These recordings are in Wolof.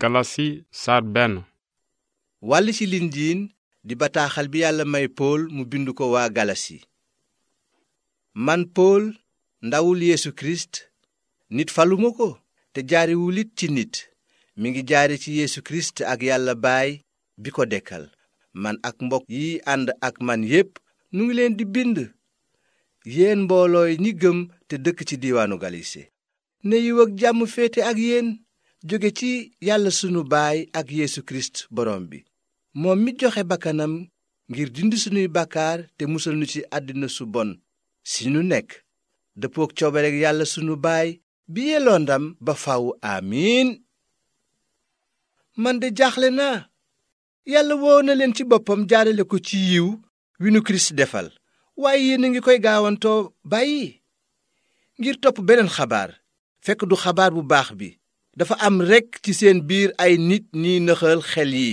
galasi saar benn wàll ci jiin di bataaxal bi yàlla may pool mu bind ko waa galasi man pool ndawul yeesu kirist nit faluma ko te jaarewul it ci nit mu ngi jaare ci yeesu kirist ak yàlla baay bi ko dekkal man ak mbokk yi ànd ak man yépp nu ngi leen di bind yéen mboolooy ñi gëm te dëkk ci diiwaanu galise ne yiw jàmm féete ak yéen jóge ci yàlla sunu baay ak Yeesu kirist borom bi moom mi joxe bakkanam ngir dind sunuy bàkkaar te musal nu ci àddina su bon si nu nekk dëppook coobarek yàlla sunu baay bi yelloo ndam ba faw amiin man de jaaxle naa yàlla woo na leen ci boppam jaarale ko ci yiw wi nu kirist defal waaye yéen ngi koy gaawantoo bàyyi ngir topp beneen xabaar fekk du xabaar bu baax bi dafa am rekk ci seen biir ay nit ñi nëxal xel yi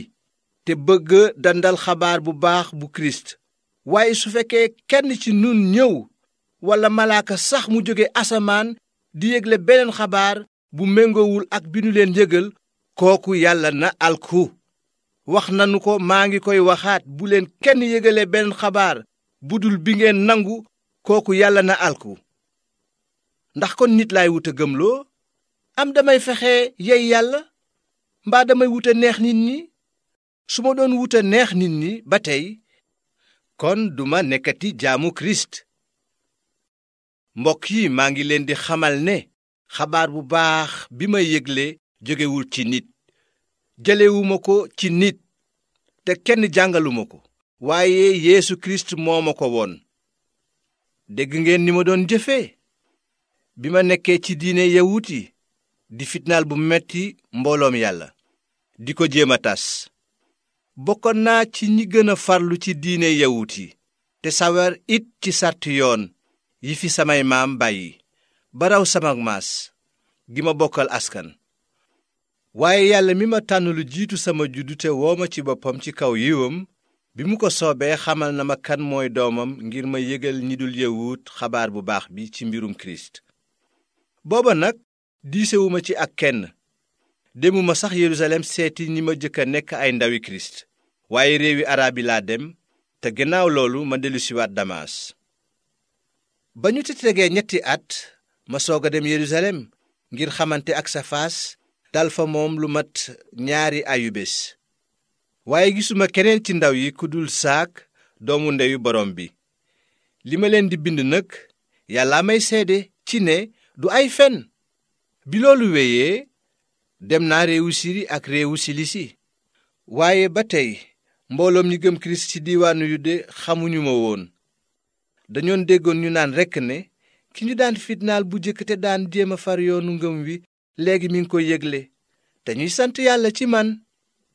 te bëgg dandal xabaar bu baax bu kirist waaye su fekkee kenn ci nun ñëw walla malaaka sax mu jóge asamaan di yégle beneen xabaar bu méngowul ak bi ñu leen yëgal kooku yàlla na alku wax nanu ko maa ngi koy waxaat bu leen kenn yégale beneen xabaar bu dul bi ngeen nangu kooku yàlla na alku ndax kon nit laay wuta gëmloo am damay fexe yey yàlla mbaa damay wut a neex nit ñi su ma doon wut neex nit ñi ba tey kon duma nekkati jaamu kirist mbokk yi maa ngi leen di xamal ne xabaar bu baax bi ma yégle jógewul ci nit jëlewuma ko ci nit te kenn jàngaluma ko waaye yéesu kirist moo ma ko woon dégg ngeen ni ma doon jëfe bi ma nekkee ci diine yawut yi di fitnaal bu metti mbooloom yàlla di ko jéem a tas bokkoon naa ci ñi gëna farlu ci diine yawut yi te sawar it ci sàrt yoon yi fi samay maam bàyyi baraw sama maas gi ma bokkal askan waaye yàlla mi ma tànn lu jiitu sama juddu te woo ma ci boppam ci kaw yiwam bi mu ko soobee xamal na ma kan mooy doomam ngir ma yégal ñi dul yawut xabaar bu baax bi ci mbirum kirist booba nag diisewuma ci ak kenn démuma sax Yerusalem seeti ñi ma jëkk nekk ay ndawi Kirist waaye réewi araab yi laa dem te gannaaw loolu ma dellusiwaat Damas ba ñu ci tegee ñetti at ma soog a dem Yerusalem ngir xamante ak Safaas dal fa moom lu mat ñaari ayubés waaye gisuma keneen ci ndaw yi ku dul saak doomu ndeyu borom bi li ma leen di bind nag yàlla may seede ci ne du ay fen bi loolu wéyee dem naa réewu siri ak réewu silisi waaye ba tey mbooloom ñi gëm kirist ci diiwaanu de xamuñu ma woon dañoon déggoon ñu naan rekk ne ki ñu daan fitnaal bu jëkk te daan jéem a far yoonu ngëm wi léegi mi ngi koy yégle te sant yàlla ci man